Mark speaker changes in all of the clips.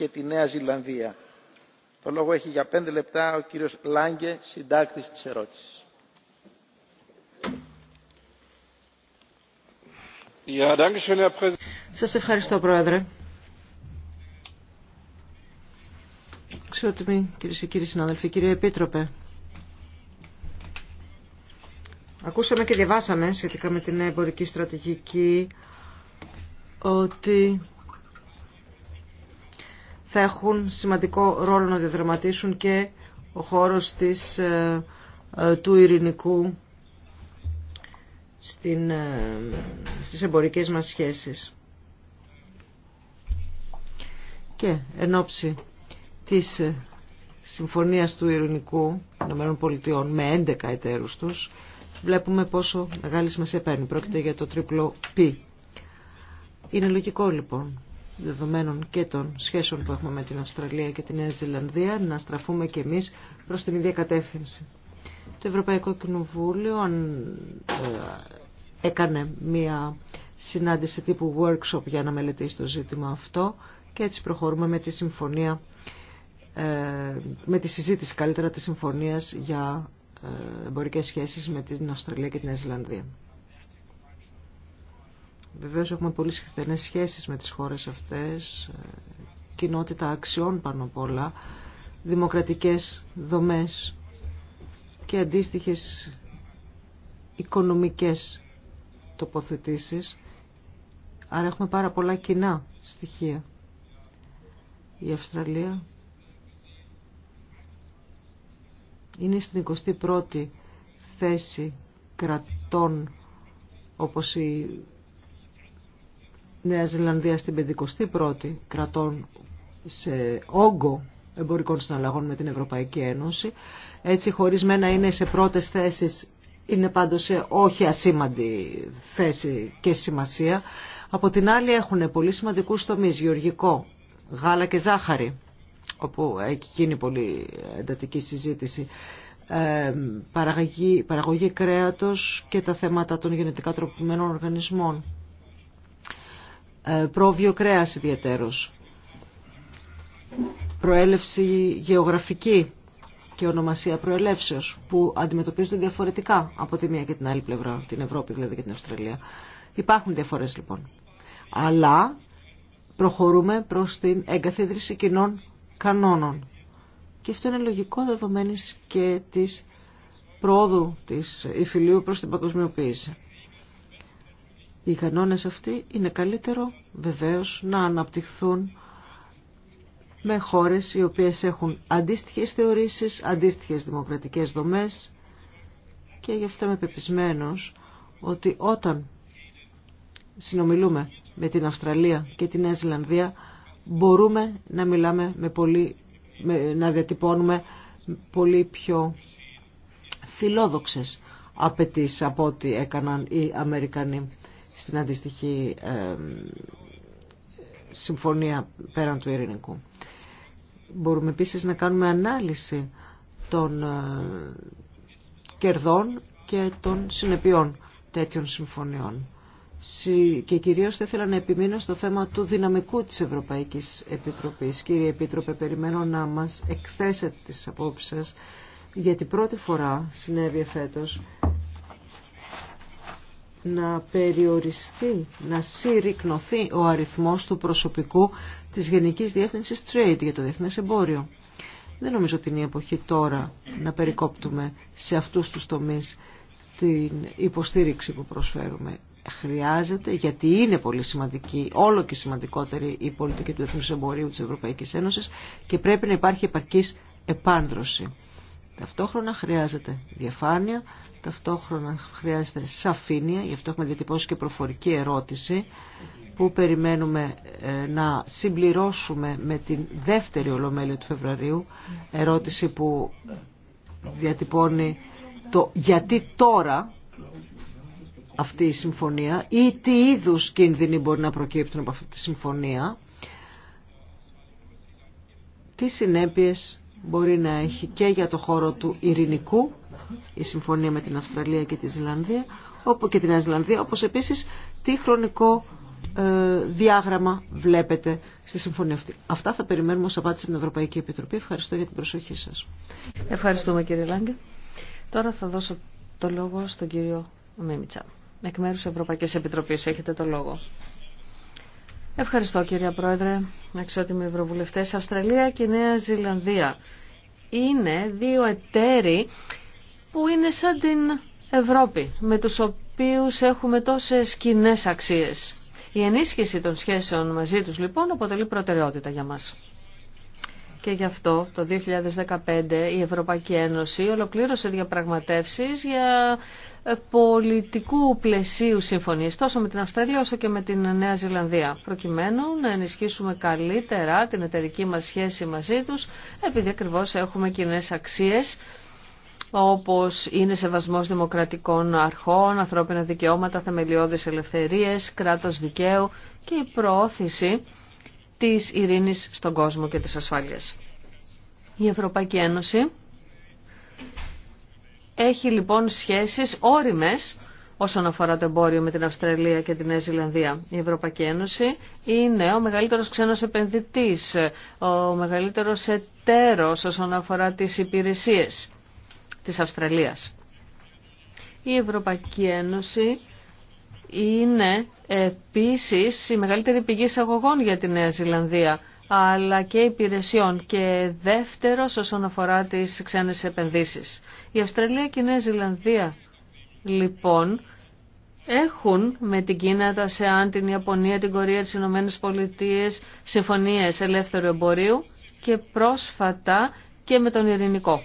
Speaker 1: και τη Νέα Ζηλανδία. Το λόγο έχει για πέντε λεπτά ο κύριος Λάγκε, συντάκτης της ερώτησης.
Speaker 2: Σας ευχαριστώ, Πρόεδρε. Αξιότιμοι κυρίε και κύριοι συναδελφοί, κύριε Επίτροπε. Ακούσαμε και διαβάσαμε σχετικά με την εμπορική στρατηγική ότι θα έχουν σημαντικό ρόλο να διαδραματίσουν και ο χώρος της, ε, ε, του ειρηνικού στην, ε, στις εμπορικές μας σχέσεις. Και εν ώψη της συμφωνίας του ειρηνικού πολιτειών με 11 εταίρους τους, βλέπουμε πόσο μεγάλη σημασία παίρνει. Πρόκειται για το τρίπλο π. Είναι λογικό λοιπόν δεδομένων και των σχέσεων που έχουμε με την Αυστραλία και την Νέα Ζηλανδία να στραφούμε και εμείς προς την ίδια κατεύθυνση. Το Ευρωπαϊκό Κοινοβούλιο ε, έκανε μία συνάντηση τύπου workshop για να μελετήσει το ζήτημα αυτό και έτσι προχωρούμε με τη συμφωνία ε, με τη συζήτηση καλύτερα της συμφωνίας για ε, εμπορικές σχέσεις με την Αυστραλία και την Νέα Ζηλανδία. Βεβαίω έχουμε πολύ στενές σχέσεις με τις χώρες αυτές, κοινότητα αξιών πάνω απ' όλα, δημοκρατικές δομές και αντίστοιχες οικονομικές τοποθετήσεις. Άρα έχουμε πάρα πολλά κοινά στοιχεία. Η Αυστραλία είναι στην 21η θέση κρατών όπως η Νέα Ζηλανδία στην 51η κρατών σε όγκο εμπορικών συναλλαγών με την Ευρωπαϊκή Ένωση. Έτσι χωρισμένα είναι σε πρώτες θέσεις, είναι πάντως σε όχι ασήμαντη θέση και σημασία. Από την άλλη έχουν πολύ σημαντικούς τομείς, γεωργικό, γάλα και ζάχαρη, όπου έχει γίνει πολύ εντατική συζήτηση, ε, παραγωγή, παραγωγή κρέατος και τα θέματα των γενετικά τροποποιημένων οργανισμών. Ε, πρόβιο κρέας ιδιαίτερος, προέλευση γεωγραφική και ονομασία προελεύσεως που αντιμετωπίζονται διαφορετικά από τη μία και την άλλη πλευρά, την Ευρώπη δηλαδή και την Αυστραλία. Υπάρχουν διαφορές λοιπόν. Αλλά προχωρούμε προς την εγκαθίδρυση κοινών κανόνων. Και αυτό είναι λογικό δεδομένης και της προόδου της υφηλίου προς την παγκοσμιοποίηση οι κανόνες αυτοί είναι καλύτερο βεβαίως να αναπτυχθούν με χώρες οι οποίες έχουν αντίστοιχες θεωρήσεις, αντίστοιχες δημοκρατικές δομές και γι' αυτό είμαι πεπισμένος ότι όταν συνομιλούμε με την Αυστραλία και την Νέα Ζηλανδία μπορούμε να μιλάμε με πολύ, να διατυπώνουμε πολύ πιο φιλόδοξες απαιτήσει από ό,τι έκαναν οι Αμερικανοί στην αντίστοιχη συμφωνία πέραν του ειρηνικού. Μπορούμε επίσης να κάνουμε ανάλυση των ε, κερδών και των συνεπειών τέτοιων συμφωνιών. Και κυρίως θα ήθελα να επιμείνω στο θέμα του δυναμικού της Ευρωπαϊκής Επιτροπής. Κύριε Επίτροπε, περιμένω να μας εκθέσετε τις απόψεις σας, γιατί πρώτη φορά συνέβη φέτος να περιοριστεί, να συρρυκνωθεί ο αριθμός του προσωπικού της Γενικής Διεύθυνσης Trade για το Διεθνές Εμπόριο. Δεν νομίζω ότι είναι η εποχή τώρα να περικόπτουμε σε αυτούς τους τομείς την υποστήριξη που προσφέρουμε. Χρειάζεται, γιατί είναι πολύ σημαντική, όλο και σημαντικότερη η πολιτική του Διεθνούς Εμπορίου της Ευρωπαϊκής Ένωσης και πρέπει να υπάρχει επαρκής επάνδρωση. Ταυτόχρονα χρειάζεται διαφάνεια, ταυτόχρονα χρειάζεται σαφήνεια, γι' αυτό έχουμε διατυπώσει και προφορική ερώτηση που περιμένουμε ε, να συμπληρώσουμε με την δεύτερη ολομέλεια του Φεβρουαρίου, ερώτηση που διατυπώνει το γιατί τώρα αυτή η συμφωνία ή τι είδους κίνδυνοι μπορεί να προκύπτουν από αυτή τη συμφωνία, τι συνέπειες μπορεί να έχει και για το χώρο του ειρηνικού, η συμφωνία με την Αυστραλία και, τη Ζηλανδία, όπου και την Αζηλανδία, όπως επίσης τι χρονικό ε, διάγραμμα βλέπετε στη συμφωνία αυτή. Αυτά θα περιμένουμε ως απάντηση από την Ευρωπαϊκή Επιτροπή. Ευχαριστώ για την προσοχή σας. Ευχαριστούμε κύριε Λάγκε.
Speaker 3: Τώρα θα δώσω το λόγο στον κύριο Μίμητσα. Εκ μέρους Ευρωπαϊκής Επιτροπής έχετε το λόγο. Ευχαριστώ κυρία Πρόεδρε, αξιότιμοι ευρωβουλευτές. Αυστραλία και Νέα Ζηλανδία είναι δύο εταίροι που είναι σαν την Ευρώπη, με τους οποίους έχουμε τόσες κοινέ αξίες. Η ενίσχυση των σχέσεων μαζί τους λοιπόν αποτελεί προτεραιότητα για μας. Και γι' αυτό το 2015 η Ευρωπαϊκή Ένωση ολοκλήρωσε διαπραγματεύσεις για ε, πολιτικού πλαισίου συμφωνίες τόσο με την Αυστραλία όσο και με την Νέα Ζηλανδία προκειμένου να ενισχύσουμε καλύτερα την εταιρική μας σχέση μαζί τους επειδή ακριβώ έχουμε κοινέ αξίες όπως είναι σεβασμός δημοκρατικών αρχών, ανθρώπινα δικαιώματα, θεμελιώδεις ελευθερίες, κράτος δικαίου και η προώθηση της ειρήνης στον κόσμο και της ασφάλειας. Η Ευρωπαϊκή Ένωση έχει λοιπόν σχέσεις όριμες όσον αφορά το εμπόριο με την Αυστραλία και την Νέα Ζηλανδία. Η Ευρωπαϊκή Ένωση είναι ο μεγαλύτερος ξένος επενδυτής, ο μεγαλύτερος εταίρος όσον αφορά τις υπηρεσίες της Αυστραλίας. Η Ευρωπαϊκή Ένωση είναι επίσης η μεγαλύτερη πηγή εισαγωγών για τη Νέα Ζηλανδία, αλλά και υπηρεσιών και δεύτερος όσον αφορά τις ξένες επενδύσεις. Η Αυστραλία και η Νέα Ζηλανδία, λοιπόν, έχουν με την Κίνα, το ΑΣΕΑΝ, την Ιαπωνία, την Κορία, τις Ηνωμένες Πολιτείες, συμφωνίες ελεύθερου εμπορίου και πρόσφατα και με τον Ειρηνικό.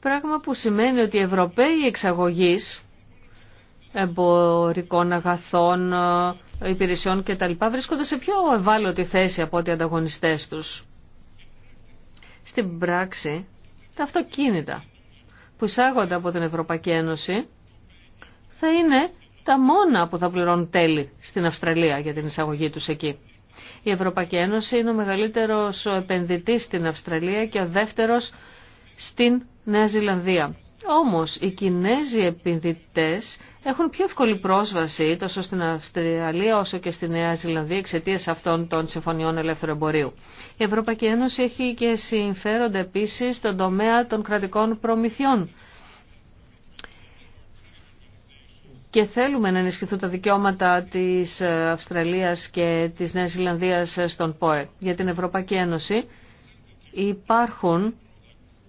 Speaker 3: Πράγμα που σημαίνει ότι οι Ευρωπαίοι εξαγωγείς εμπορικών αγαθών, ε, υπηρεσιών κτλ. βρίσκονται σε πιο ευάλωτη θέση από ό,τι οι ανταγωνιστές τους. Στην πράξη, τα αυτοκίνητα που εισάγονται από την Ευρωπαϊκή Ένωση θα είναι τα μόνα που θα πληρώνουν τέλη στην Αυστραλία για την εισαγωγή τους εκεί. Η Ευρωπαϊκή Ένωση είναι ο μεγαλύτερος επενδυτής στην Αυστραλία και ο δεύτερος στην Νέα Ζηλανδία. Όμως οι Κινέζοι επενδυτές έχουν πιο εύκολη πρόσβαση τόσο στην Αυστραλία όσο και στη Νέα Ζηλανδία εξαιτία αυτών των συμφωνιών ελεύθερου εμπορίου. Η Ευρωπαϊκή Ένωση έχει και συμφέροντα επίσης στον τομέα των κρατικών προμηθειών. Και θέλουμε να ενισχυθούν τα δικαιώματα της Αυστραλίας και της Νέας Ζηλανδίας στον ΠΟΕ. Για την Ευρωπαϊκή Ένωση υπάρχουν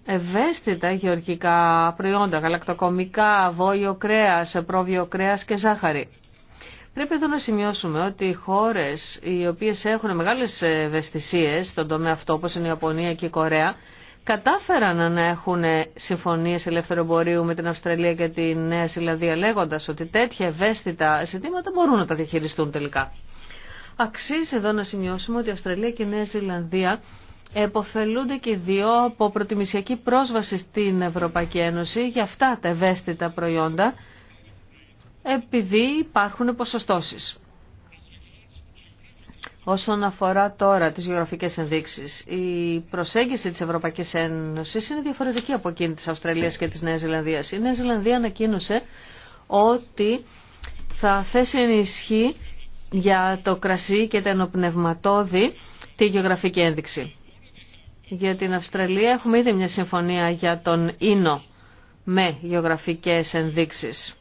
Speaker 3: ευαίσθητα γεωργικά προϊόντα, γαλακτοκομικά, βόλιο κρέας, πρόβιο κρέας και ζάχαρη. Πρέπει εδώ να σημειώσουμε ότι οι χώρες οι οποίες έχουν μεγάλες ευαισθησίες στον τομέα αυτό, όπως είναι η Ιαπωνία και η Κορέα, κατάφεραν να έχουν συμφωνίες ελεύθερου εμπορίου με την Αυστραλία και τη Νέα Ζηλανδία, λέγοντας ότι τέτοια ευαίσθητα ζητήματα μπορούν να τα διαχειριστούν τελικά. Αξίζει εδώ να σημειώσουμε ότι η Αυστραλία και η Νέα Ζηλανδία εποφελούνται και οι δύο από προτιμησιακή πρόσβαση στην Ευρωπαϊκή Ένωση για αυτά τα ευαίσθητα προϊόντα επειδή υπάρχουν ποσοστώσεις. Όσον αφορά τώρα τις γεωγραφικές ενδείξεις, η προσέγγιση της Ευρωπαϊκής Ένωσης είναι διαφορετική από εκείνη της Αυστραλίας και της Νέας Ζηλανδίας. Η Νέα Ζηλανδία ανακοίνωσε ότι θα θέσει ενισχύ για το κρασί και τα ενοπνευματόδη τη γεωγραφική ένδειξη για την Αυστραλία έχουμε ήδη μια συμφωνία για τον Ίνο με γεωγραφικές ενδείξεις.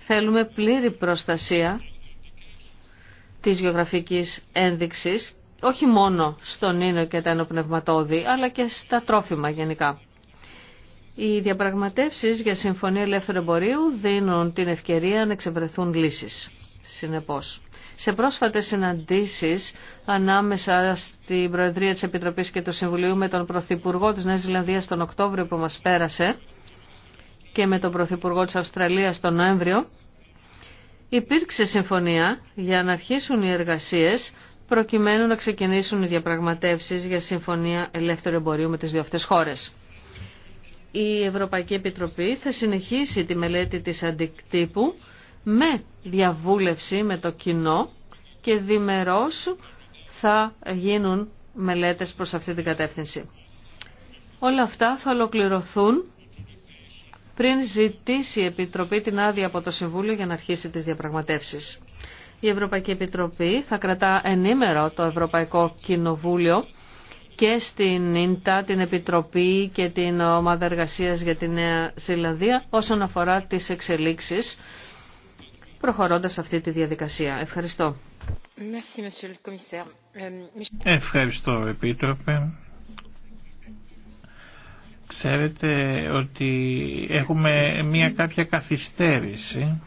Speaker 3: Θέλουμε πλήρη προστασία της γεωγραφικής ένδειξης, όχι μόνο στον Ίνο και τα ενοπνευματόδη, αλλά και στα τρόφιμα γενικά. Οι διαπραγματεύσεις για συμφωνία ελεύθερου εμπορίου δίνουν την ευκαιρία να εξευρεθούν λύσεις. Συνεπώς. Σε πρόσφατες συναντήσεις ανάμεσα στην Προεδρία της Επιτροπής και του Συμβουλίου με τον Πρωθυπουργό της Νέας Ζηλανδίας τον Οκτώβριο που μας πέρασε και με τον Πρωθυπουργό της Αυστραλίας τον Νοέμβριο, υπήρξε συμφωνία για να αρχίσουν οι εργασίες προκειμένου να ξεκινήσουν οι διαπραγματεύσεις για συμφωνία ελεύθερου εμπορίου με τις δύο αυτές χώρες. Η Ευρωπαϊκή Επιτροπή θα συνεχίσει τη μελέτη της αντικτύπου με διαβούλευση με το κοινό και διμερώς θα γίνουν μελέτες προς αυτή την κατεύθυνση. Όλα αυτά θα ολοκληρωθούν πριν ζητήσει η Επιτροπή την άδεια από το Συμβούλιο για να αρχίσει τις διαπραγματεύσεις. Η Ευρωπαϊκή Επιτροπή θα κρατά ενήμερο το Ευρωπαϊκό Κοινοβούλιο και στην ΙΝΤΑ, την Επιτροπή και την Ομάδα Εργασίας για τη Νέα Ζηλανδία όσον αφορά τις εξελίξεις προχωρώντας αυτή τη διαδικασία. Ευχαριστώ.
Speaker 1: Ε, Ευχαριστώ, Επίτροπε. Ξέρετε ότι έχουμε μια κάποια καθυστέρηση.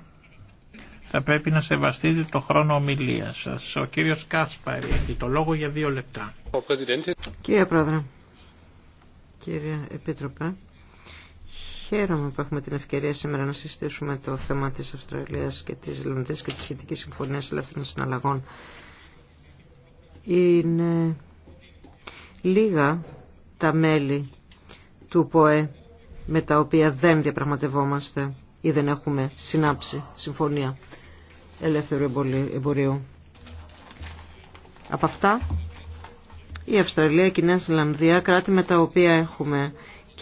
Speaker 1: Θα πρέπει να σεβαστείτε το χρόνο ομιλία σας. Ο κύριος Κάσπαρη έχει το λόγο για δύο λεπτά.
Speaker 2: Κύριε Πρόεδρε, κύριε Επίτροπε, Χαίρομαι που έχουμε την ευκαιρία σήμερα να συζητήσουμε το θέμα της Αυστραλίας και της Ελληνικής και της σχετικής συμφωνίας ελεύθερων συναλλαγών. Είναι λίγα τα μέλη του ΠΟΕ με τα οποία δεν διαπραγματευόμαστε ή δεν έχουμε συνάψει συμφωνία ελεύθερου εμπορίου. Από αυτά η Αυστραλία και η Νέα κράτη με τα οποία έχουμε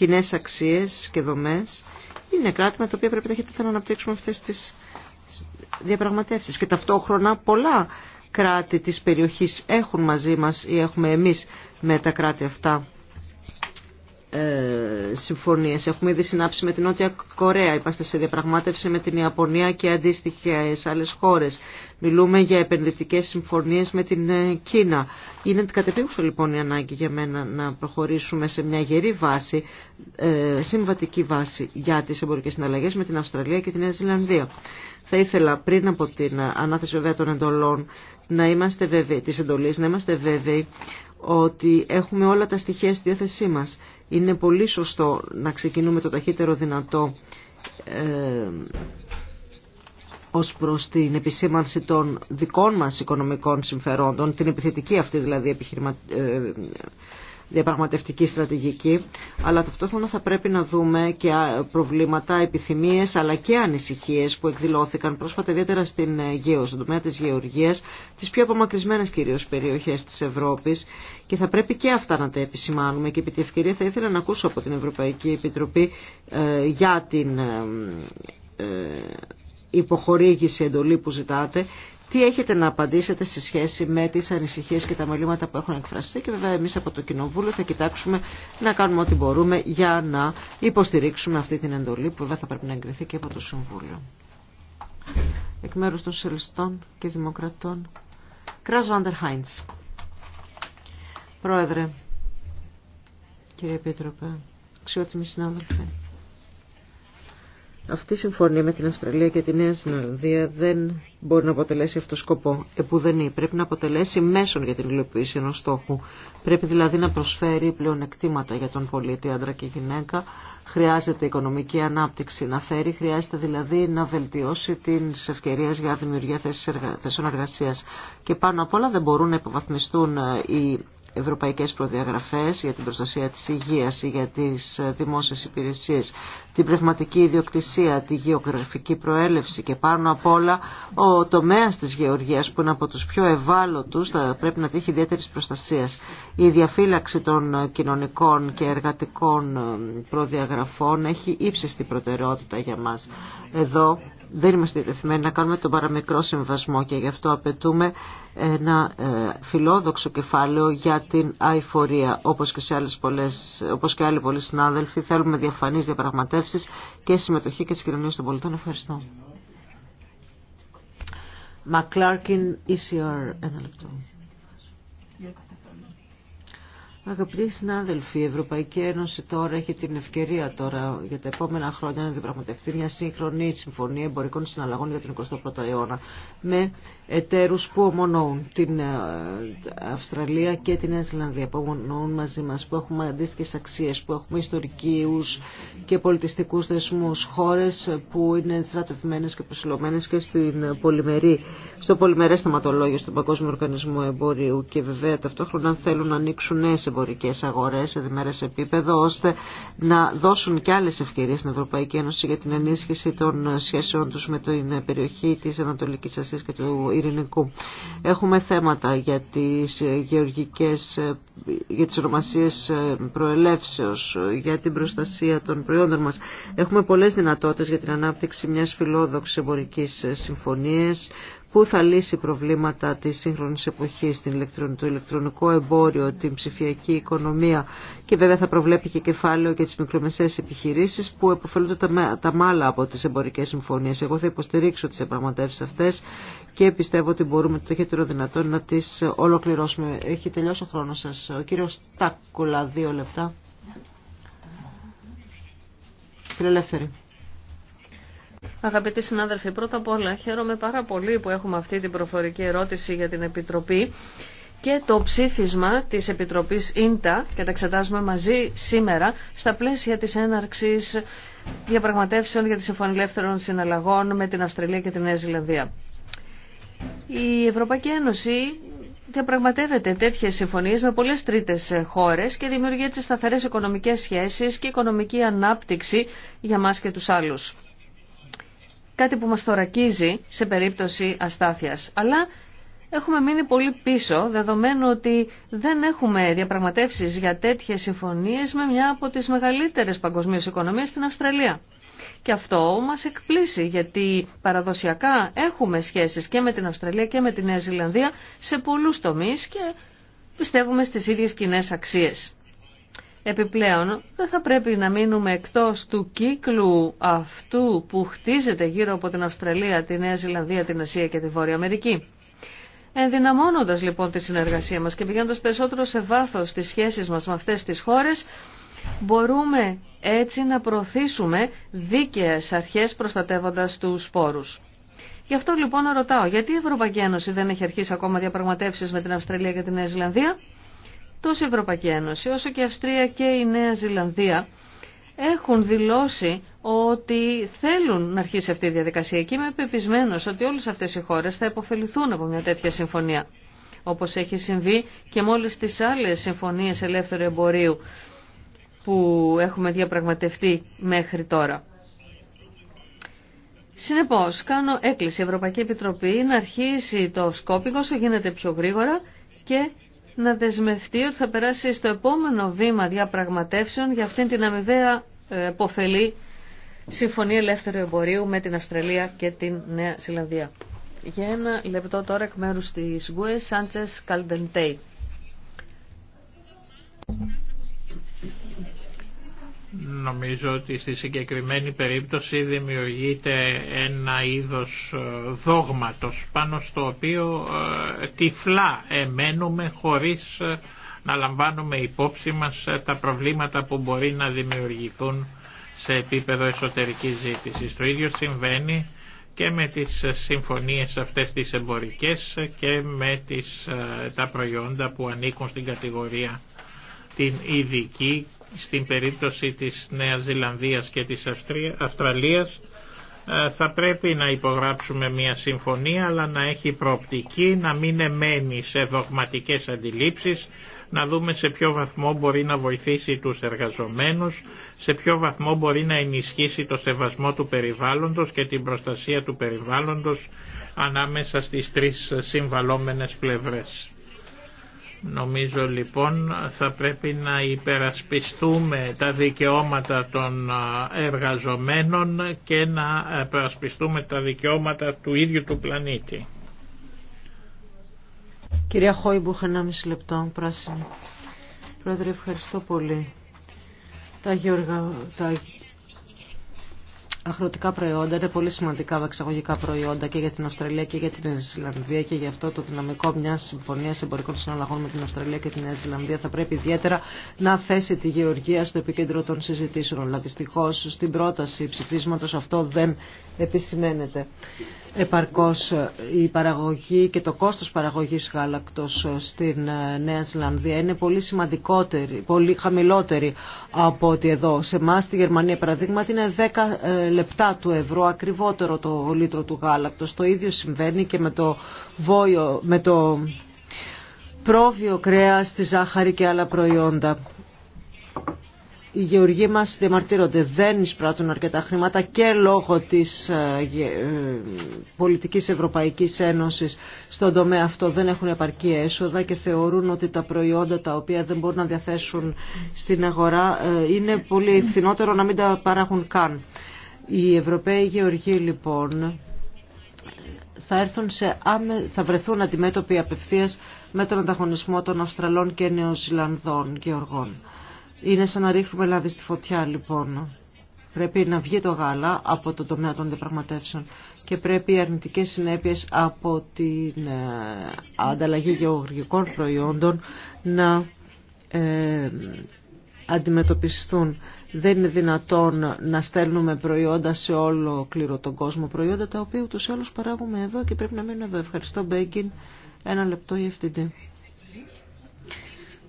Speaker 2: κοινέ αξίες και δομέ είναι κράτη με τα οποία πρέπει να να αναπτύξουμε αυτές τις διαπραγματεύσεις. Και ταυτόχρονα πολλά κράτη της περιοχής έχουν μαζί μας ή έχουμε εμείς με τα κράτη αυτά ε, συμφωνίες. Έχουμε ήδη συνάψει με την Νότια Κορέα, είμαστε σε διαπραγμάτευση με την Ιαπωνία και αντίστοιχες άλλες χώρες. Μιλούμε για επενδυτικές συμφωνίες με την ε, Κίνα. Είναι κατεπίγουσα λοιπόν η ανάγκη για μένα να προχωρήσουμε σε μια γερή βάση, ε, συμβατική βάση για τις εμπορικές συναλλαγές με την Αυστραλία και την Νέα Ζηλανδία. Θα ήθελα πριν από την ανάθεση βέβαια των εντολών να είμαστε βέβαιοι, της εντολής, να είμαστε βέβαιοι ότι έχουμε όλα τα στοιχεία στη διάθεσή μας. Είναι πολύ σωστό να ξεκινούμε το ταχύτερο δυνατό ε, ως προς την επισήμανση των δικών μας οικονομικών συμφερόντων, την επιθετική αυτή δηλαδή επιχειρηματική. Ε, διαπραγματευτική στρατηγική, αλλά ταυτόχρονα θα πρέπει να δούμε και προβλήματα, επιθυμίες αλλά και ανησυχίες που εκδηλώθηκαν πρόσφατα ιδιαίτερα στην ε, Γεω, στον τομέα της γεωργίας, τις πιο απομακρυσμένες κυρίως περιοχές της Ευρώπης και θα πρέπει και αυτά να τα επισημάνουμε και επί τη ευκαιρία θα ήθελα να ακούσω από την Ευρωπαϊκή Επιτροπή ε, για την ε, υποχωρήγηση εντολή που ζητάτε τι έχετε να απαντήσετε σε σχέση με τις ανησυχίες και τα μελήματα που έχουν εκφραστεί και βέβαια εμείς από το Κοινοβούλιο θα κοιτάξουμε να κάνουμε ό,τι μπορούμε για να υποστηρίξουμε αυτή την εντολή που βέβαια θα πρέπει να εγκριθεί και από το Συμβούλιο. Εκ μέρους των Σελιστών και Δημοκρατών, Κράς Βάντερ Χάιντς. Πρόεδρε, κύριε Επίτροπε, αξιότιμοι συνάδελφοι. Αυτή η συμφωνία με την Αυστραλία και τη Νέα Ζηλανδία δεν μπορεί να αποτελέσει αυτό σκοπό. Επουδενή πρέπει να αποτελέσει μέσον για την υλοποίηση ενό στόχου. Πρέπει δηλαδή να προσφέρει πλεονεκτήματα για τον πολίτη, άντρα και γυναίκα. Χρειάζεται οικονομική ανάπτυξη να φέρει, χρειάζεται δηλαδή να βελτιώσει τι ευκαιρίε για δημιουργία θέσεων εργασία. Και πάνω απ' όλα δεν μπορούν να υποβαθμιστούν ε, οι ευρωπαϊκές προδιαγραφές για την προστασία της υγείας ή για τις δημόσιες υπηρεσίες, την πνευματική ιδιοκτησία, τη γεωγραφική προέλευση και πάνω απ' όλα ο τομέας της γεωργίας που είναι από τους πιο ευάλωτους θα πρέπει να τύχει ιδιαίτερης προστασίας. Η διαφύλαξη των κοινωνικών και εργατικών προδιαγραφών έχει ύψιστη προτεραιότητα για μας. Εδώ δεν είμαστε διατεθειμένοι να κάνουμε τον παραμικρό συμβασμό και γι' αυτό απαιτούμε ένα ε, φιλόδοξο κεφάλαιο για την αηφορία. Όπως και, σε άλλες πολλές, όπως και άλλοι πολλοί συνάδελφοι θέλουμε διαφανείς διαπραγματεύσεις και συμμετοχή και τη κοινωνία των πολιτών. Ευχαριστώ. Μακλάρκιν, ένα λεπτό. Αγαπητοί συνάδελφοι, η Ευρωπαϊκή Ένωση τώρα έχει την ευκαιρία τώρα για τα επόμενα χρόνια να διαπραγματευτεί μια σύγχρονη συμφωνία εμπορικών συναλλαγών για τον 21ο αιώνα με εταίρους που ομονοούν την ε, Αυστραλία και την Ζηλανδία, που ομονοούν μαζί μας, που έχουμε αντίστοιχες αξίες, που έχουμε ιστορικούς και πολιτιστικούς δεσμούς, χώρες που είναι στρατευμένες και προσυλλομένες και στην πολυμερή, στο πολυμερές θεματολόγιο στον Παγκόσμιο Οργανισμό Εμπορίου και βέβαια ταυτόχρονα θέλουν να ανοίξουν εμπορικές αγορές σε διμέρες επίπεδο ώστε να δώσουν και άλλες ευκαιρίες στην Ευρωπαϊκή Ένωση για την ενίσχυση των σχέσεων τους με την περιοχή της Ανατολικής Ασίας και του Ειρηνικού. Έχουμε θέματα για τις γεωργικές, για τις ονομασίες ε, προελεύσεως, για την προστασία των προϊόντων μας. Έχουμε πολλές δυνατότητες για την ανάπτυξη μιας φιλόδοξης εμπορικής ε, συμφωνίας που θα λύσει προβλήματα της σύγχρονης εποχής, το ηλεκτρονικό εμπόριο, την ψηφιακή οικονομία και βέβαια θα προβλέπει και κεφάλαιο και τις μικρομεσαίες επιχειρήσεις που επωφελούνται τα μάλα από τις εμπορικές συμφωνίες. Εγώ θα υποστηρίξω τις επραγματεύσεις αυτές και πιστεύω ότι μπορούμε το χέτερο δυνατόν να τις ολοκληρώσουμε. Έχει τελειώσει ο χρόνος σας. Ο κύριος Τάκουλα, δύο λεπτά. Φιλελεύθερη.
Speaker 3: Αγαπητοί συνάδελφοι, πρώτα απ' όλα χαίρομαι πάρα πολύ που έχουμε αυτή την προφορική ερώτηση για την Επιτροπή και το ψήφισμα της Επιτροπής ΙΝΤΑ και τα εξετάζουμε μαζί σήμερα στα πλαίσια της έναρξης διαπραγματεύσεων για τη Συμφωνία Ελεύθερων Συναλλαγών με την Αυστραλία και την Νέα Ζηλανδία. Η Ευρωπαϊκή Ένωση διαπραγματεύεται τέτοιε συμφωνίε με πολλέ τρίτε χώρε και δημιουργεί έτσι σταθερέ οικονομικέ σχέσει και οικονομική ανάπτυξη για μα και του άλλου κάτι που μας θωρακίζει σε περίπτωση αστάθειας. Αλλά έχουμε μείνει πολύ πίσω, δεδομένου ότι δεν έχουμε διαπραγματεύσεις για τέτοιες συμφωνίες με μια από τις μεγαλύτερες παγκοσμίες οικονομίες στην Αυστραλία. Και αυτό μας εκπλήσει, γιατί παραδοσιακά έχουμε σχέσεις και με την Αυστραλία και με τη Νέα Ζηλανδία σε πολλούς τομείς και πιστεύουμε στις ίδιες κοινέ αξίες. Επιπλέον, δεν θα πρέπει να μείνουμε εκτός του κύκλου αυτού που χτίζεται γύρω από την Αυστραλία, τη Νέα Ζηλανδία, την Ασία και τη Βόρεια Αμερική. Ενδυναμώνοντας λοιπόν τη συνεργασία μας και πηγαίνοντας περισσότερο σε βάθος τις σχέσεις μας με αυτές τις χώρες, μπορούμε έτσι να προωθήσουμε δίκαιες αρχές προστατεύοντας τους σπόρους. Γι' αυτό λοιπόν ρωτάω, γιατί η Ευρωπαϊκή Ένωση δεν έχει αρχίσει ακόμα διαπραγματεύσεις με την Αυστραλία και τη Νέα Ζηλανδία Τόσο η Ευρωπαϊκή Ένωση όσο και η Αυστρία και η Νέα Ζηλανδία έχουν δηλώσει ότι θέλουν να αρχίσει αυτή η διαδικασία και είμαι πεπισμένο ότι όλες αυτές οι χώρες θα υποφεληθούν από μια τέτοια συμφωνία όπως έχει συμβεί και με όλες τις άλλες συμφωνίες ελεύθερου εμπορίου που έχουμε διαπραγματευτεί μέχρι τώρα. Συνεπώς, κάνω έκκληση η Ευρωπαϊκή Επιτροπή να αρχίσει το σκόπιγο όσο γίνεται πιο γρήγορα και να δεσμευτεί ότι θα περάσει στο επόμενο βήμα διαπραγματεύσεων για αυτήν την αμοιβαία υποφελή ε, συμφωνία ελεύθερου εμπορίου με την Αυστραλία και την Νέα Ζηλανδία. Για ένα λεπτό τώρα εκ μέρου της Γκουέ Σάντσες Καλντεντέι.
Speaker 1: Νομίζω ότι στη συγκεκριμένη περίπτωση δημιουργείται ένα είδος ε, δόγματος πάνω στο οποίο ε, τυφλά εμένουμε χωρίς ε, να λαμβάνουμε υπόψη μας τα προβλήματα που μπορεί να δημιουργηθούν σε επίπεδο εσωτερικής ζήτησης. Το ίδιο συμβαίνει και με τις συμφωνίες αυτές τις εμπορικές και με τις, τα προϊόντα που ανήκουν στην κατηγορία την ειδική στην περίπτωση της Νέας Ζηλανδίας και της Αυστραλίας ε, θα πρέπει να υπογράψουμε μια συμφωνία αλλά να έχει προοπτική, να μην εμένει σε δογματικές αντιλήψεις, να δούμε σε ποιο βαθμό μπορεί να βοηθήσει τους εργαζομένους, σε ποιο βαθμό μπορεί να ενισχύσει το σεβασμό του περιβάλλοντος και την προστασία του περιβάλλοντος ανάμεσα στις τρεις συμβαλόμενες πλευρές. Νομίζω λοιπόν θα πρέπει να υπερασπιστούμε τα δικαιώματα των εργαζομένων και να υπερασπιστούμε ε, τα δικαιώματα του ίδιου του πλανήτη.
Speaker 2: Κυρία Χόιμπουχ, μισή λεπτό, πράσινη. Πρόεδρε, ευχαριστώ πολύ. Τα, γεωργα... τα αγροτικά προϊόντα είναι πολύ σημαντικά δεξαγωγικά προϊόντα και για την Αυστραλία και για την Νέα Ζηλανδία και γι' αυτό το δυναμικό μια συμφωνία εμπορικών συναλλαγών με την Αυστραλία και την Νέα Ζηλανδία θα πρέπει ιδιαίτερα να θέσει τη γεωργία στο επικέντρο των συζητήσεων. Αλλά δυστυχώ στην πρόταση ψηφίσματο αυτό δεν επισημαίνεται. Επαρκώ η παραγωγή και το κόστο παραγωγή γάλακτο στην ε, Νέα Ζηλανδία. είναι πολύ σημαντικότερη, πολύ χαμηλότερη από ότι εδώ. Σε εμά στη Γερμανία, παραδείγματι, είναι 10 λεπτά του ευρώ, ακριβότερο το λίτρο του γάλακτος. Το ίδιο συμβαίνει και με το, βόιο, με το πρόβιο κρέας, τη ζάχαρη και άλλα προϊόντα. Οι γεωργοί μας διαμαρτύρονται, δεν εισπράττουν αρκετά χρήματα και λόγω της ε, ε, πολιτικής Ευρωπαϊκής Ένωσης στον τομέα αυτό δεν έχουν επαρκή έσοδα και θεωρούν ότι τα προϊόντα τα οποία δεν μπορούν να διαθέσουν στην αγορά ε, είναι πολύ φθηνότερο να μην τα παράγουν καν. Οι Ευρωπαίοι Γεωργοί λοιπόν θα, έρθουν σε άμε... θα βρεθούν αντιμέτωποι απευθείας με τον ανταγωνισμό των Αυστραλών και Νεοζηλανδών Γεωργών. Είναι σαν να ρίχνουμε λάδι στη φωτιά λοιπόν. Πρέπει να βγει το γάλα από το τομέα των διαπραγματεύσεων και πρέπει οι αρνητικές συνέπειες από την ε, ανταλλαγή γεωργικών προϊόντων να ε, αντιμετωπιστούν. Δεν είναι δυνατόν να στέλνουμε προϊόντα σε όλο κλήρο τον κόσμο, προϊόντα τα οποία ούτως ή άλλως παράγουμε εδώ και πρέπει να μείνουν εδώ. Ευχαριστώ Μπέγκιν. Ένα λεπτό η παραγουμε εδω και πρεπει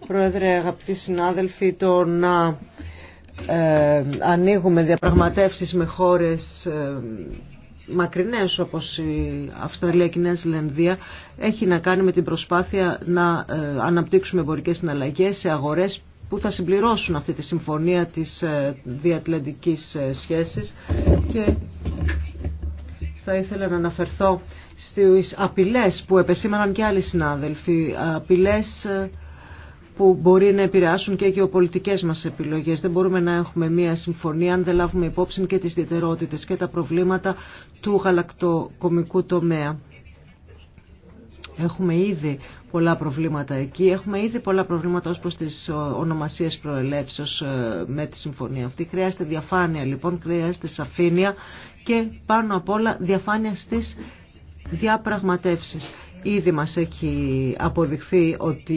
Speaker 2: Πρόεδρε, αγαπητοί συνάδελφοι, το να ε, ανοίγουμε διαπραγματεύσεις με χώρες ε, μακρινές όπως η Αυστραλία και η Νέα Ζηλανδία έχει να κάνει με την προσπάθεια να ε, αναπτύξουμε εμπορικές συναλλαγές σε αγορές που θα συμπληρώσουν αυτή τη συμφωνία της ε, διατλαντικής ε, σχέσης και θα ήθελα να αναφερθώ στις απειλές που επεσήμαναν και άλλοι συνάδελφοι, απειλές ε, που μπορεί να επηρεάσουν και οι γεωπολιτικές μας επιλογές. Δεν μπορούμε να έχουμε μία συμφωνία αν δεν λάβουμε υπόψη και τις διαιτερότητες και τα προβλήματα του γαλακτοκομικού τομέα. Έχουμε ήδη πολλά προβλήματα εκεί. Έχουμε ήδη πολλά προβλήματα ως προς τις ε, ονομασίες προελεύσεως ε, με τη συμφωνία αυτή. Χρειάζεται διαφάνεια λοιπόν, χρειάζεται σαφήνεια και πάνω απ' όλα διαφάνεια στις διαπραγματεύσεις. Ήδη μας έχει αποδειχθεί ότι,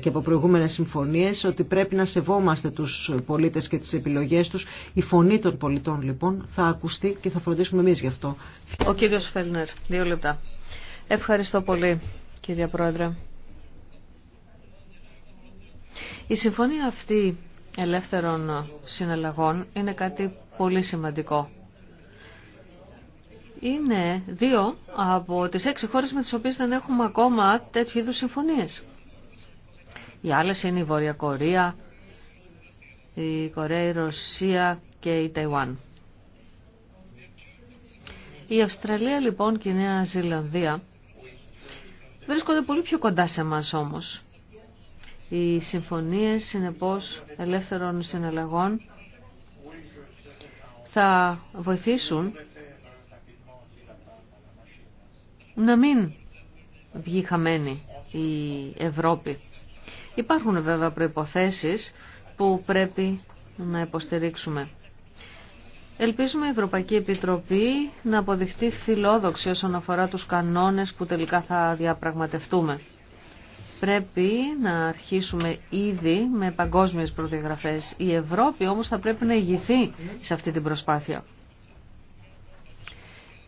Speaker 2: και από προηγούμενες συμφωνίες ότι πρέπει να σεβόμαστε τους πολίτες και τις επιλογές τους. Η φωνή των πολιτών λοιπόν θα ακουστεί και θα φροντίσουμε εμείς γι' αυτό.
Speaker 3: Ο κύριος Φέλνερ, δύο λεπτά. Ευχαριστώ πολύ, κυρία Πρόεδρε. Η συμφωνία αυτή ελεύθερων συναλλαγών είναι κάτι πολύ σημαντικό. Είναι δύο από τις έξι χώρες με τις οποίες δεν έχουμε ακόμα τέτοιου είδους συμφωνίες. Οι άλλες είναι η Βόρεια Κορέα, η Κορέα, η Ρωσία και η Ταϊουάν. Η Αυστραλία λοιπόν και η Νέα Ζηλανδία βρίσκονται πολύ πιο κοντά σε μας όμως. Οι συμφωνίες, συνεπώς, ελεύθερων συναλλαγών θα βοηθήσουν να μην βγει χαμένη η Ευρώπη. Υπάρχουν βέβαια προϋποθέσεις που πρέπει να υποστηρίξουμε. Ελπίζουμε η Ευρωπαϊκή Επιτροπή να αποδειχτεί φιλόδοξη όσον αφορά τους κανόνες που τελικά θα διαπραγματευτούμε. Πρέπει να αρχίσουμε ήδη με παγκόσμιες προδιαγραφές. Η Ευρώπη όμως θα πρέπει να ηγηθεί σε αυτή την προσπάθεια.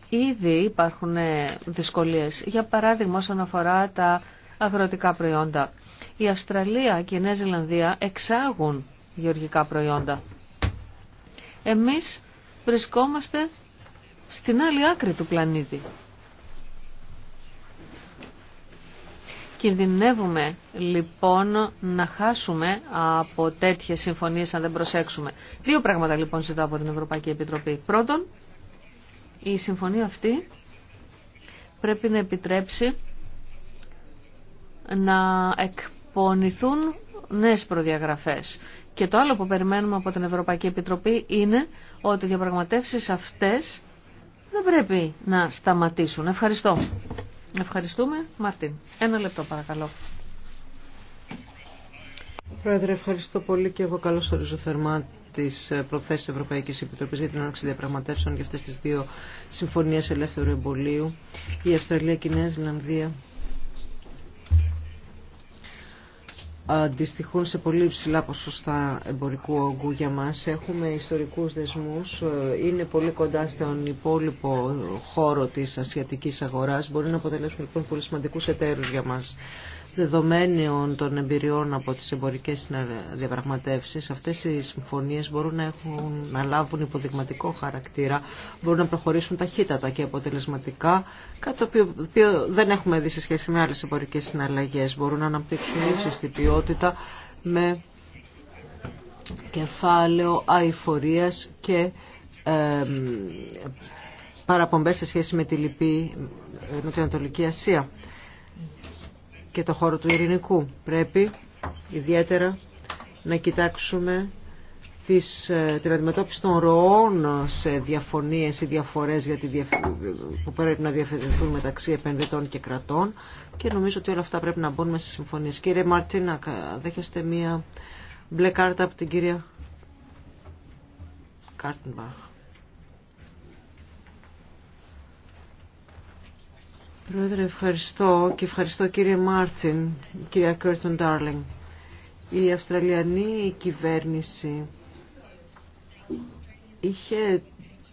Speaker 3: Ήδη υπάρχουν ε, δυσκολίες. Για παράδειγμα όσον αφορά τα αγροτικά προϊόντα. Η Αυστραλία και η Νέα Ζηλανδία εξάγουν γεωργικά προϊόντα. Εμείς βρισκόμαστε στην άλλη άκρη του πλανήτη. Κινδυνεύουμε λοιπόν να χάσουμε από τέτοιες συμφωνίες αν δεν προσέξουμε. Δύο πράγματα λοιπόν ζητάω από την Ευρωπαϊκή Επιτροπή. Πρώτον, η συμφωνία αυτή πρέπει να επιτρέψει να εκπονηθούν νέες προδιαγραφές. Και το άλλο που περιμένουμε από την Ευρωπαϊκή Επιτροπή είναι ότι οι διαπραγματεύσεις αυτές δεν πρέπει να σταματήσουν. Ευχαριστώ. Ευχαριστούμε. Μαρτίν, ένα λεπτό παρακαλώ.
Speaker 2: Πρόεδρε, ευχαριστώ πολύ και εγώ καλώς ορίζω θερμά τι Προθέσεις τη Ευρωπαϊκή Επιτροπή για την Άνοξη διαπραγματεύσεων για αυτές τις δύο συμφωνίες ελεύθερου εμπολίου. Η Αυστραλία και η Νέα Ζηλανδία αντιστοιχούν σε πολύ ψηλά ποσοστά εμπορικού όγκου για μας. Έχουμε ιστορικούς δεσμούς, είναι πολύ κοντά στον υπόλοιπο χώρο της ασιατικής αγοράς, μπορεί να αποτελέσουν λοιπόν πολύ σημαντικούς εταίρους για μας δεδομένων των εμπειριών από τις εμπορικές διαπραγματεύσεις, αυτές οι συμφωνίες μπορούν να, έχουν, να λάβουν υποδειγματικό χαρακτήρα, μπορούν να προχωρήσουν ταχύτατα και αποτελεσματικά, κάτι το οποίο, δεν έχουμε δει σε σχέση με άλλες εμπορικές συναλλαγές. Μπορούν να αναπτύξουν ύψιστη ποιότητα με κεφάλαιο αηφορίας και ε, παραπομπές σε σχέση με τη λυπή Νοτιοανατολική Ασία και το χώρο του ειρηνικού. Πρέπει ιδιαίτερα να κοιτάξουμε τις ε, την αντιμετώπιση των ροών σε διαφωνίες ή διαφορές για τη που πρέπει να διαφερθούν μεταξύ επενδυτών και κρατών και νομίζω ότι όλα αυτά πρέπει να μπουν μέσα στις συμφωνίες. Κύριε Μαρτίνα, δέχεστε μία μπλε κάρτα από την κυρία Κάρτενμπαχ. Πρόεδρε, ευχαριστώ και ευχαριστώ κύριε Μάρτιν, κυρία Κέρτον Ντάρλινγκ. Η Αυστραλιανή κυβέρνηση είχε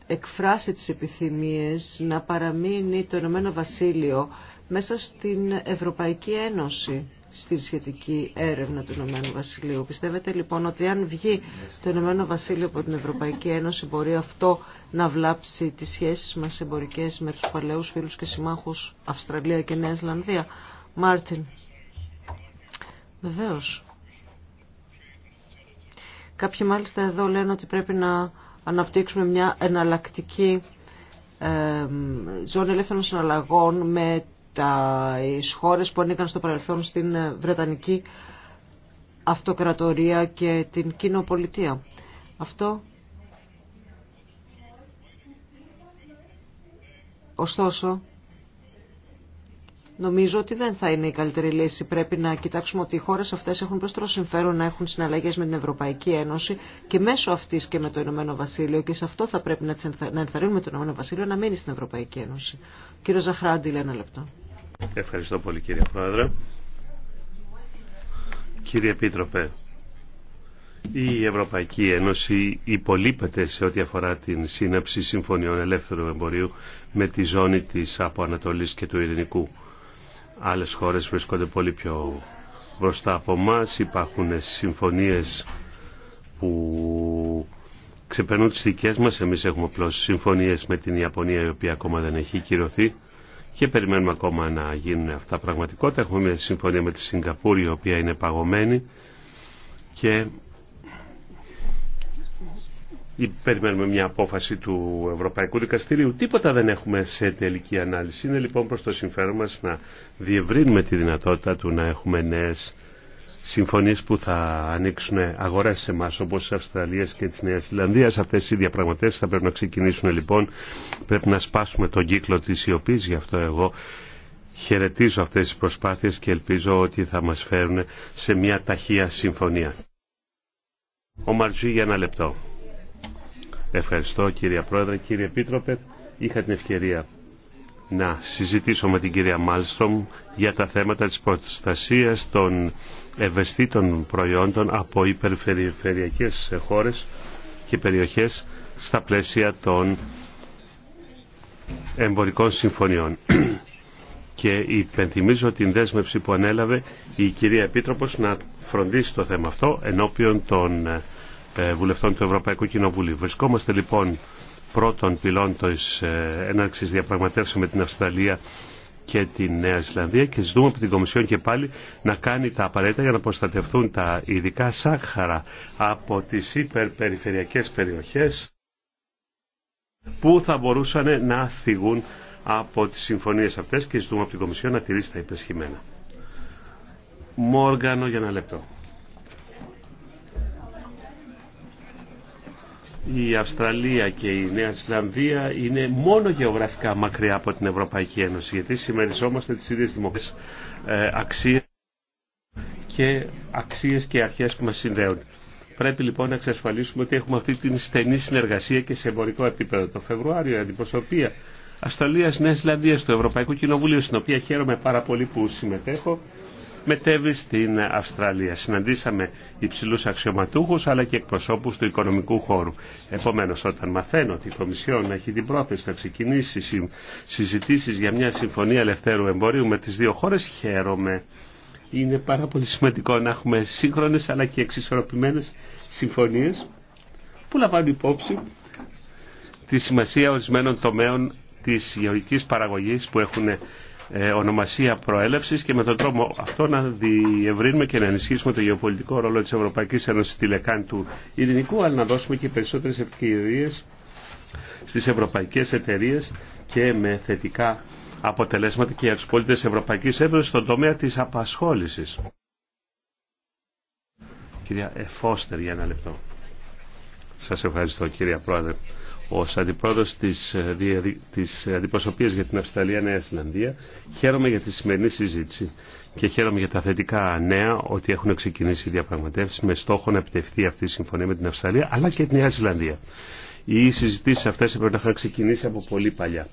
Speaker 2: εκφράσει τις επιθυμίες να παραμείνει το Ηνωμένο Βασίλειο μέσα στην Ευρωπαϊκή Ένωση στη σχετική έρευνα του Ηνωμένου Βασιλείου. Πιστεύετε λοιπόν ότι αν βγει το Ηνωμένο Βασίλειο από την Ευρωπαϊκή Ένωση μπορεί αυτό να βλάψει τις σχέσεις μας εμπορικές με τους παλαιούς φίλους και συμμάχους Αυστραλία και Νέα Ισλανδία. Μάρτιν. Βεβαίως. Κάποιοι μάλιστα εδώ λένε ότι πρέπει να αναπτύξουμε μια εναλλακτική ζώνη ελεύθερων συναλλαγών με τα χώρες που ανήκαν στο παρελθόν στην Βρετανική Αυτοκρατορία και την Κοινοπολιτεία. Αυτό Ωστόσο, νομίζω ότι δεν θα είναι η καλύτερη λύση. Πρέπει να κοιτάξουμε ότι οι χώρε αυτέ έχουν προ το συμφέρον να έχουν συναλλαγές με την Ευρωπαϊκή Ένωση και μέσω αυτή και με το Ηνωμένο Βασίλειο. Και σε αυτό θα πρέπει να, ενθαρρύνουμε το Ηνωμένο Βασίλειο να μείνει στην Ευρωπαϊκή Ένωση. Κύριο Ζαχράντη, λέει ένα λεπτό.
Speaker 4: Ευχαριστώ πολύ κύριε Πρόεδρε. Κύριε Επίτροπε, η Ευρωπαϊκή Ένωση υπολείπεται σε ό,τι αφορά την σύναψη συμφωνιών ελεύθερου εμπορίου με τη ζώνη της από Ανατολής και του Ειρηνικού. Άλλες χώρες βρίσκονται πολύ πιο μπροστά από εμά. Υπάρχουν συμφωνίες που ξεπερνούν τις δικές μας. Εμείς έχουμε απλώ συμφωνίες με την Ιαπωνία η οποία ακόμα δεν έχει κυρωθεί και περιμένουμε ακόμα να γίνουν αυτά πραγματικότητα. Έχουμε μια συμφωνία με τη Σιγκαπούρη η οποία είναι παγωμένη και περιμένουμε μια απόφαση του Ευρωπαϊκού Δικαστηρίου. Τίποτα δεν έχουμε σε τελική ανάλυση. Είναι λοιπόν προς το συμφέρον μας να διευρύνουμε τη δυνατότητα του να έχουμε νέες συμφωνίες που θα ανοίξουν αγορές σε μας, όπως της Αυστραλίας και της Νέας Ιλανδίας. Αυτές οι διαπραγματεύσεις θα πρέπει να ξεκινήσουν λοιπόν. Πρέπει να σπάσουμε τον κύκλο της ιοπής, γι' αυτό εγώ χαιρετίζω αυτές τις προσπάθειες και ελπίζω ότι θα μας φέρουν σε μια ταχεία συμφωνία. Ο Μαρτζή για ένα λεπτό. Ευχαριστώ κύριε Πρόεδρε, κύριε Επίτροπε. Είχα την ευκαιρία να συζητήσω με την κυρία Μάλστρομ για τα θέματα της προστασίας των ευαισθητών προϊόντων από υπερφερειακές χώρες και περιοχές στα πλαίσια των εμπορικών συμφωνιών. Και υπενθυμίζω την δέσμευση που ανέλαβε η κυρία Επίτροπος να φροντίσει το θέμα αυτό ενώπιον των ε, βουλευτών του Ευρωπαϊκού Κοινοβουλίου. Βρισκόμαστε λοιπόν πρώτων πυλών της ε, έναρξης διαπραγματεύσεων με την Αυστραλία και τη Νέα Ζηλανδία και ζητούμε από την Κομισιόν και πάλι να κάνει τα απαραίτητα για να προστατευτούν τα ειδικά σάχαρα από τις υπερπεριφερειακές περιοχές που θα μπορούσαν να φυγούν από τις συμφωνίες αυτές και ζητούμε από την Κομισιόν να τηρήσει τα υπεσχημένα. Μόργανο για ένα λεπτό. η Αυστραλία και η Νέα Ισλανδία είναι μόνο γεωγραφικά μακριά από την Ευρωπαϊκή Ένωση γιατί συμμεριζόμαστε τις ίδιες δημοκρατικές ε, αξίες και αξίες και αρχές που μας συνδέουν. Πρέπει λοιπόν να εξασφαλίσουμε ότι έχουμε αυτή την στενή συνεργασία και σε εμπορικό επίπεδο. Το Φεβρουάριο η αντιπροσωπεία Αυστραλίας Αυστραλίας-Νέα Ισλανδίας του Ευρωπαϊκού Κοινοβουλίου στην οποία χαίρομαι πάρα πολύ που συμμετέχω μετέβη στην Αυστραλία. Συναντήσαμε υψηλού αξιωματούχου, αλλά και εκπροσώπους του οικονομικού χώρου. Επομένω, όταν μαθαίνω ότι η Κομισιόν έχει την πρόθεση να ξεκινήσει συζητήσει για μια συμφωνία ελευθέρου εμπορίου με τι δύο χώρε. χαίρομαι. Είναι πάρα πολύ σημαντικό να έχουμε σύγχρονε αλλά και εξισορροπημένε συμφωνίε που λαμβάνουν υπόψη τη σημασία ορισμένων τομέων της γεωργικής παραγωγής που έχουν ε, ονομασία προέλευσης και με τον τρόπο αυτό να διευρύνουμε και να ενισχύσουμε το γεωπολιτικό ρόλο της Ευρωπαϊκής Ένωσης στη λεκάνη του ειρηνικού αλλά να δώσουμε και περισσότερες ευκαιρίες στις ευρωπαϊκές εταιρείες και με θετικά αποτελέσματα και για τους της Ευρωπαϊκής Ένωσης στον τομέα της απασχόλησης. Κυρία Εφώστερ για ένα λεπτό. Σας ευχαριστώ κυρία Πρόεδρε ως αντιπρόεδρο της, ε, της για την Αυστραλία Νέα Ισλανδία. Χαίρομαι για τη σημερινή συζήτηση και χαίρομαι για τα θετικά νέα ότι έχουν ξεκινήσει οι διαπραγματεύσεις με στόχο να επιτευχθεί αυτή η συμφωνία με την Αυστραλία αλλά και την Νέα Ισλανδία. Οι συζητήσει αυτέ έπρεπε να είχαν ξεκινήσει από πολύ παλιά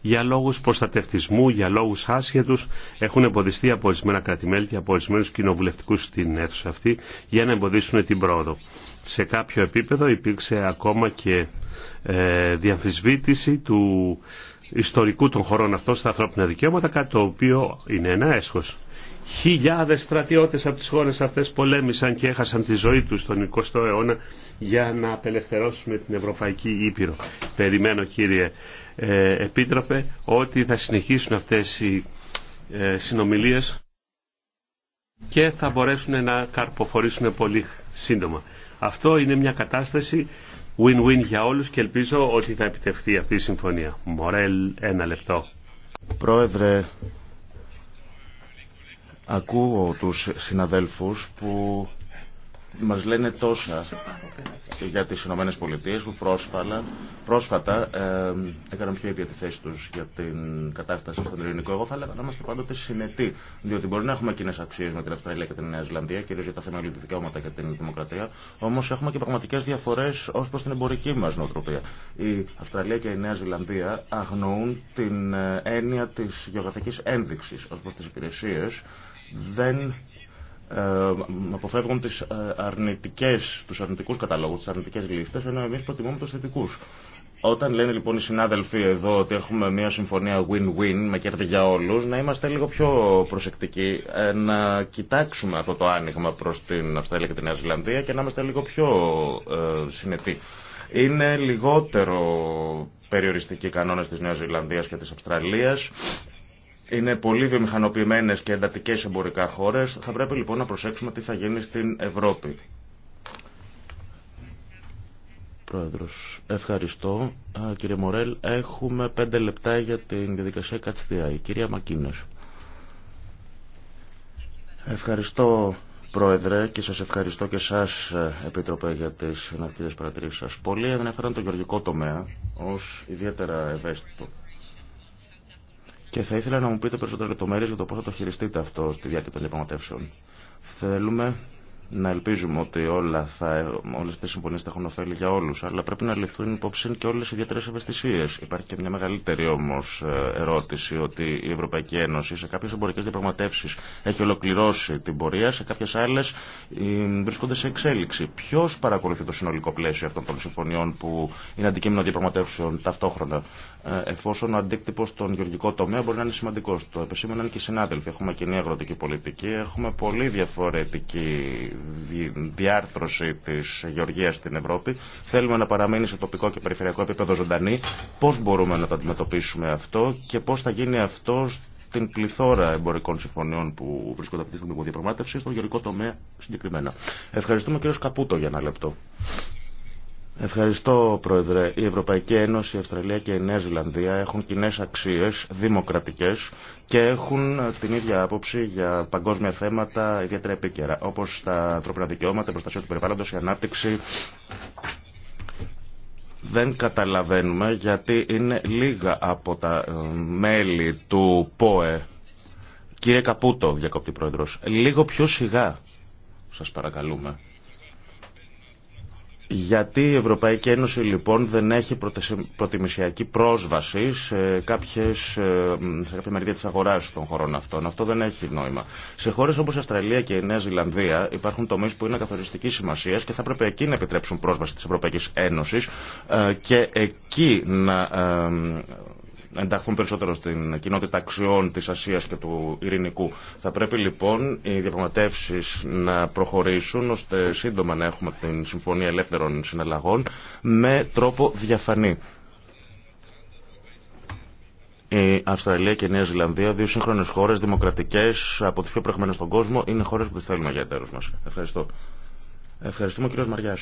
Speaker 4: για λόγους προστατευτισμού, για λόγους άσχετους έχουν εμποδιστεί από ορισμένα κρατημέλη και από ορισμένου κοινοβουλευτικούς στην αίθουσα αυτή για να εμποδίσουν την πρόοδο. Σε κάποιο επίπεδο υπήρξε ακόμα και ε, διαφυσβήτηση του ιστορικού των χωρών αυτών στα ανθρώπινα δικαιώματα, κάτι το οποίο είναι ένα έσχος. Χιλιάδες στρατιώτες από τις χώρες αυτές πολέμησαν και έχασαν τη ζωή τους τον 20ο αιώνα για να απελευθερώσουμε την Ευρωπαϊκή Ήπειρο. Περιμένω κύριε ε, Επίτροπε, ότι θα συνεχίσουν αυτές οι ε, συνομιλίες και θα μπορέσουν να καρποφορήσουν πολύ σύντομα. Αυτό είναι μια κατάσταση win-win για όλους και ελπίζω ότι θα επιτευχθεί αυτή η συμφωνία. Μορέλ, ένα λεπτό.
Speaker 5: Πρόεδρε, ακούω τους συναδέλφους που μας λένε τόσα για τις Ηνωμένε Πολιτείες που πρόσφατα, πρόσφατα ε, έκαναν πιο ήπια τη θέση τους για την κατάσταση στον ελληνικό. Εγώ θα έλεγα να είμαστε πάντοτε συνετοί, διότι μπορεί να έχουμε κοινέ αξίες με την Αυστραλία και την Νέα Ζηλανδία, κυρίως για τα θεμελιώδη δικαιώματα και την δημοκρατία, όμως έχουμε και πραγματικές διαφορές ως προς την εμπορική μας νοοτροπία. Η Αυστραλία και η Νέα Ζηλανδία αγνοούν την ε, έννοια της γεωγραφικής ένδειξη ω προ τι υπηρεσίε. δεν ε, αποφεύγουν τις ε, αρνητικές, τους αρνητικούς καταλόγους, τις αρνητικές λίστες, ενώ εμείς προτιμούμε τους θετικούς. Όταν λένε λοιπόν οι συνάδελφοι εδώ ότι έχουμε μια συμφωνία win-win με κέρδη για όλους, να είμαστε λίγο πιο προσεκτικοί, ε, να κοιτάξουμε αυτό το άνοιγμα προς την Αυστραλία και την Νέα Ζηλανδία και να είμαστε λίγο πιο συνετοί. Είναι λιγότερο περιοριστικοί κανόνες της Νέας Ζηλανδίας και της Αυστραλίας είναι πολύ βιομηχανοποιημένε και εντατικέ εμπορικά χώρε. Θα πρέπει λοιπόν να προσέξουμε τι θα γίνει στην Ευρώπη. Πρόεδρος, ευχαριστώ. Κύριε Μορέλ, έχουμε πέντε λεπτά για την διαδικασία Κατστιά. Η κυρία Μακίνες. Ευχαριστώ, Πρόεδρε, και σας ευχαριστώ και σας, ε, Επίτροπε, για τις αναρτήρες παρατηρήσεις σας. Πολλοί ανέφεραν το γεωργικό τομέα ως ιδιαίτερα ευαίσθητο και θα ήθελα να μου πείτε περισσότερε λεπτομέρειε για το πώ θα το χειριστείτε αυτό στη διάρκεια των διαπραγματεύσεων. Θέλουμε να ελπίζουμε ότι όλα θα, όλες αυτές οι συμφωνίες θα έχουν ωφέλη για όλους, αλλά πρέπει να ληφθούν υπόψη και όλες οι ιδιαίτερες ευαισθησίες. Υπάρχει και μια μεγαλύτερη όμως ε, ερώτηση ότι η Ευρωπαϊκή Ένωση σε κάποιες εμπορικές διαπραγματεύσεις έχει ολοκληρώσει την πορεία, σε κάποιες άλλες ε, βρίσκονται σε εξέλιξη. Ποιο παρακολουθεί το συνολικό πλαίσιο αυτών των συμφωνιών που είναι αντικείμενο διαπραγματεύσεων ταυτόχρονα. Ε, εφόσον ο αντίκτυπο στον γεωργικό τομέα μπορεί να είναι σημαντικό. Το είναι και οι συνάδελφοι. Έχουμε κοινή αγροτική πολιτική, έχουμε πολύ διαφορετική διάρθρωση τη γεωργία στην Ευρώπη. Θέλουμε να παραμείνει σε τοπικό και περιφερειακό επίπεδο ζωντανή. Πώ μπορούμε να το αντιμετωπίσουμε αυτό και πώ θα γίνει αυτό την πληθώρα εμπορικών συμφωνιών που βρίσκονται αυτή τη στιγμή διαπραγμάτευση στον γεωργικό τομέα συγκεκριμένα. Ευχαριστούμε κύριο Καπούτο για ένα λεπτό. Ευχαριστώ, Πρόεδρε. Η Ευρωπαϊκή Ένωση, η Αυστραλία και η Νέα Ζηλανδία έχουν κοινέ αξίε δημοκρατικέ και έχουν την ίδια άποψη για παγκόσμια θέματα ιδιαίτερα επίκαιρα, όπω τα ανθρώπινα δικαιώματα, η προστασία του περιβάλλοντο, η ανάπτυξη. Δεν καταλαβαίνουμε γιατί είναι λίγα από τα ε, μέλη του ΠΟΕ. Κύριε Καπούτο, διακόπτη πρόεδρο. λίγο πιο σιγά σας παρακαλούμε. Γιατί η Ευρωπαϊκή Ένωση λοιπόν δεν έχει προτιμησιακή πρόσβαση σε, κάποιες, ε, σε κάποια μερίδια της αγοράς των χωρών αυτών. Αυτό δεν έχει νόημα. Σε χώρες όπως Αυστραλία και η Νέα Ζηλανδία υπάρχουν τομείς που είναι καθοριστικής σημασίας και θα πρέπει εκεί να επιτρέψουν πρόσβαση της Ευρωπαϊκής Ένωσης ε, και εκεί να ε, ενταχθούν περισσότερο στην κοινότητα αξιών της Ασίας και του Ειρηνικού. Θα πρέπει λοιπόν οι διαπραγματεύσεις να προχωρήσουν ώστε σύντομα να έχουμε την Συμφωνία Ελεύθερων Συναλλαγών με τρόπο διαφανή. Η Αυστραλία και η Νέα Ζηλανδία, δύο σύγχρονε χώρε, δημοκρατικέ, από τι πιο προχμένε στον κόσμο, είναι χώρε που τι θέλουμε για εταίρου μα. Ευχαριστώ. Ευχαριστούμε, κύριο Μαριά.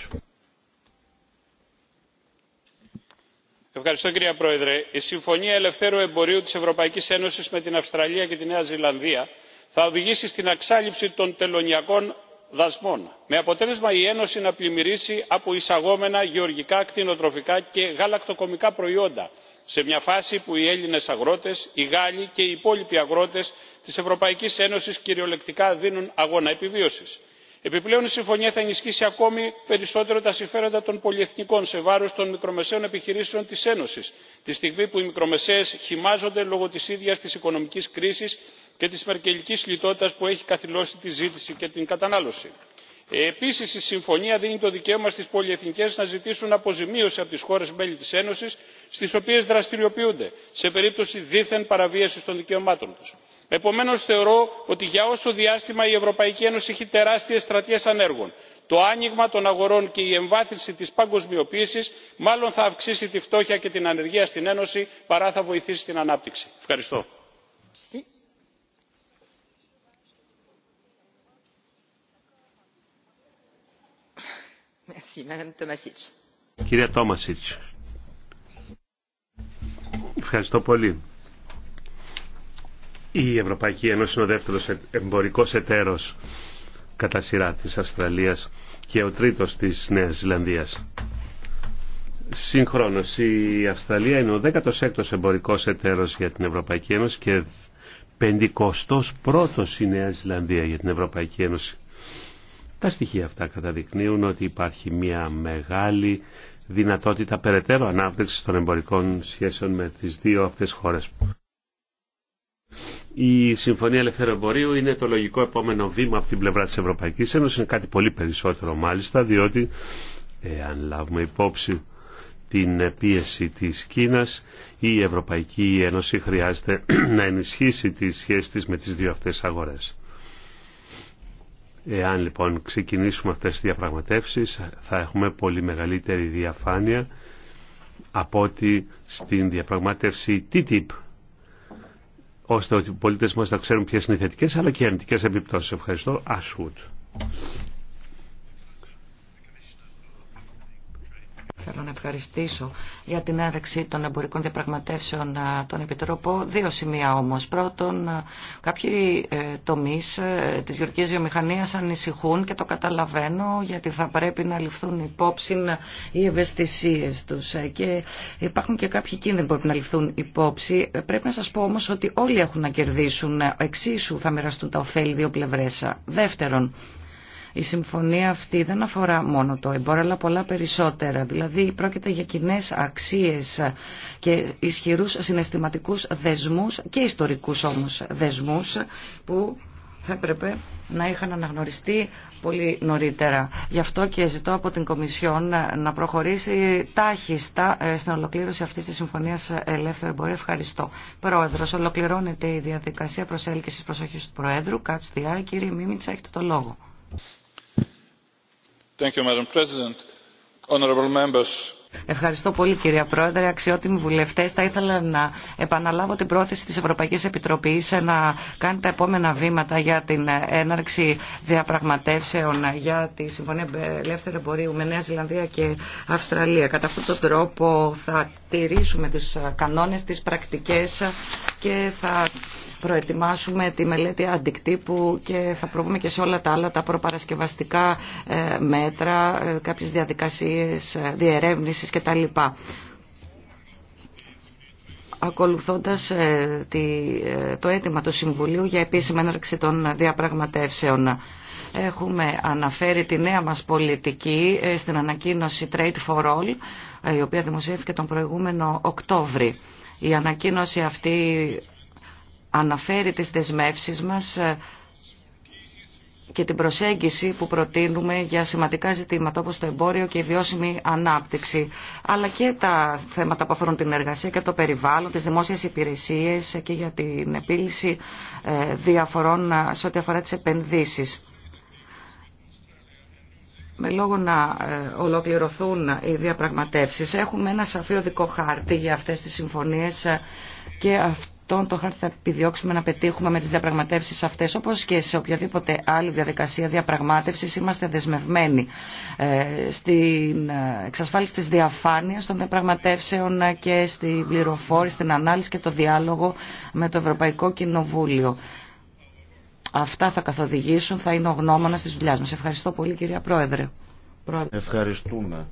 Speaker 6: κύριε πρόεδρε η συμφωνία ελευθέρου εμπορίου της ευρωπαϊκής ένωσης με την αυστραλία και τη νέα ζηλανδία θα οδηγήσει στην εξάλληψη των τελωνιακών δασμών με αποτέλεσμα η ένωση να πλημμυρίσει από εισαγόμενα γεωργικά κτηνοτροφικά και γαλακτοκομικά προϊόντα σε μια φάση που οι έλληνες αγρότες οι γάλλοι και οι υπόλοιποι αγρότες της ευρωπαϊκής ένωσης κυριολεκτικά δίνουν αγώνα επιβίωσης επιπλέον η συμφωνία θα ενισχύσει ακόμη περισσότερο τα συμφέροντα των πολυεθνικών σε βάρος των μικρομεσαίων επιχειρήσεων της ένωσης τη στιγμή που οι μικρομεσαίες χυμάζονται λόγω της ίδιας της οικονομικής κρίσης και της μερκελικής λιτότητας που έχει καθυλώσει τη ζήτηση και την κατανάλωση. Ε, επίσης η συμφωνία δίνει το δικαίωμα στις πολυεθνικές να ζητήσουν αποζημίωση από τις χώρες μέλη της ένωσης στις οποίες δραστηριοποιούνται σε περίπτωση δίθεν παραβίασης των δικαιωμάτων τους επομένως θεωρώ ότι για όσο διάστημα η ευρωπαϊκή ένωση έχει τεράστιες στρατιές ανέργων το άνοιγμα των αγορών και η εμβάθυνση της παγκοσμιοποίησης μάλλον θα αυξήσει τη φτώχεια και την ανεργία στην ένωση παρά θα βοηθήσει την ανάπτυξη. ευχαριστώ.
Speaker 4: ευχαριστώ πολύ. Η Ευρωπαϊκή Ένωση είναι ο δεύτερος ε, εμπορικός εταίρος κατά σειρά της Αυστραλίας και ο τρίτος της Νέας Ζηλανδίας. Συγχρόνως η Αυστραλία είναι ο 16ος εμπορικός εταίρος για την Ευρωπαϊκή Ένωση και 51ος η Νέα Ζηλανδία για την Ευρωπαϊκή Ένωση. Τα στοιχεία αυτά καταδεικνύουν ότι υπάρχει μια μεγάλη δυνατότητα περαιτέρω ανάπτυξης των εμπορικών σχέσεων με τις δύο αυτές χώρες. Η Συμφωνία Ελευθέρω είναι το λογικό επόμενο βήμα από την πλευρά της Ευρωπαϊκής Ένωσης. Είναι κάτι πολύ περισσότερο μάλιστα, διότι αν λάβουμε υπόψη την πίεση της Κίνας η Ευρωπαϊκή Ένωση χρειάζεται να ενισχύσει τις σχέσεις της με τις δύο αυτές αγορές. Εάν λοιπόν ξεκινήσουμε αυτές τις διαπραγματεύσεις θα έχουμε πολύ μεγαλύτερη διαφάνεια από ότι στην διαπραγμάτευση TTIP ώστε ότι οι πολίτες μας να ξέρουν ποιες είναι οι θετικές αλλά και οι αρνητικές επιπτώσεις. Ευχαριστώ.
Speaker 7: Θέλω να ευχαριστήσω για την άδεξη των εμπορικών διαπραγματεύσεων των Επιτροπών. Δύο σημεία όμως. Πρώτον, κάποιοι ε, τομείς ε, της γεωργικής βιομηχανίας ανησυχούν και το καταλαβαίνω γιατί θα πρέπει να ληφθούν υπόψη ε, οι ευαισθησίες τους και υπάρχουν και κάποιοι κίνδυνοι που πρέπει να ληφθούν υπόψη. Πρέπει να σας πω όμως ότι όλοι έχουν να κερδίσουν. Εξίσου θα μοιραστούν τα ωφέλη δύο πλευρές. Δεύτερον, η συμφωνία αυτή δεν αφορά μόνο το εμπόριο, αλλά πολλά περισσότερα. Δηλαδή πρόκειται για κοινέ αξίες και ισχυρούς συναισθηματικούς δεσμούς και ιστορικούς όμως δεσμούς που θα έπρεπε να είχαν αναγνωριστεί πολύ νωρίτερα. Γι' αυτό και ζητώ από την Κομισιόν να προχωρήσει τάχιστα ε, στην ολοκλήρωση αυτή τη Συμφωνία Ελεύθερου Εμπορίου. Ευχαριστώ. Πρόεδρο, ολοκληρώνεται η διαδικασία προσέλκυση προσοχή του Προέδρου. Κάτσε διά, κύριε Μίμητσα, έχετε το λόγο. Ευχαριστώ πολύ κυρία Πρόεδρε. Αξιότιμοι βουλευτές. θα ήθελα να επαναλάβω την πρόθεση της Ευρωπαϊκής Επιτροπής να κάνει τα επόμενα βήματα για την έναρξη διαπραγματεύσεων για τη Συμφωνία Ελεύθερου Εμπορίου με Νέα Ζηλανδία και Αυστραλία. Κατά αυτόν τον τρόπο θα τηρήσουμε του κανόνες, τι πρακτικέ και θα προετοιμάσουμε τη μελέτη αντικτύπου και θα προβούμε και σε όλα τα άλλα τα προπαρασκευαστικά ε, μέτρα, ε, κάποιες διαδικασίες ε, διερεύνησης κτλ ακολουθώντας το αίτημα του Συμβουλίου για επίσημη έναρξη των διαπραγματεύσεων. Έχουμε αναφέρει τη νέα μας πολιτική στην ανακοίνωση Trade for All, η οποία δημοσιεύτηκε τον προηγούμενο Οκτώβρη. Η ανακοίνωση αυτή αναφέρει τις δεσμεύσεις μας ε, και την προσέγγιση που προτείνουμε για σημαντικά ζητήματα όπως το εμπόριο και η βιώσιμη ανάπτυξη, αλλά και τα θέματα που αφορούν την εργασία και το περιβάλλον, τις δημόσιες υπηρεσίες και για την επίλυση ε, διαφορών ε, σε ό,τι αφορά τις επενδύσεις. Με λόγο να ολοκληρωθούν οι διαπραγματεύσεις, έχουμε ένα σαφή οδικό χάρτη για αυτές τις συμφωνίες και αυτό αυτόν τον χάρτη θα επιδιώξουμε να πετύχουμε με τις διαπραγματεύσεις αυτές, όπως και σε οποιαδήποτε άλλη διαδικασία διαπραγμάτευσης είμαστε δεσμευμένοι ε, στην ε, εξασφάλιση της διαφάνειας των διαπραγματεύσεων ε, και στην πληροφόρηση, στην ανάλυση και το διάλογο με το Ευρωπαϊκό Κοινοβούλιο. Αυτά θα καθοδηγήσουν, θα είναι ο γνώμονας της δουλειάς μας. Ευχαριστώ πολύ κυρία Πρόεδρε.
Speaker 5: Ευχαριστούμε.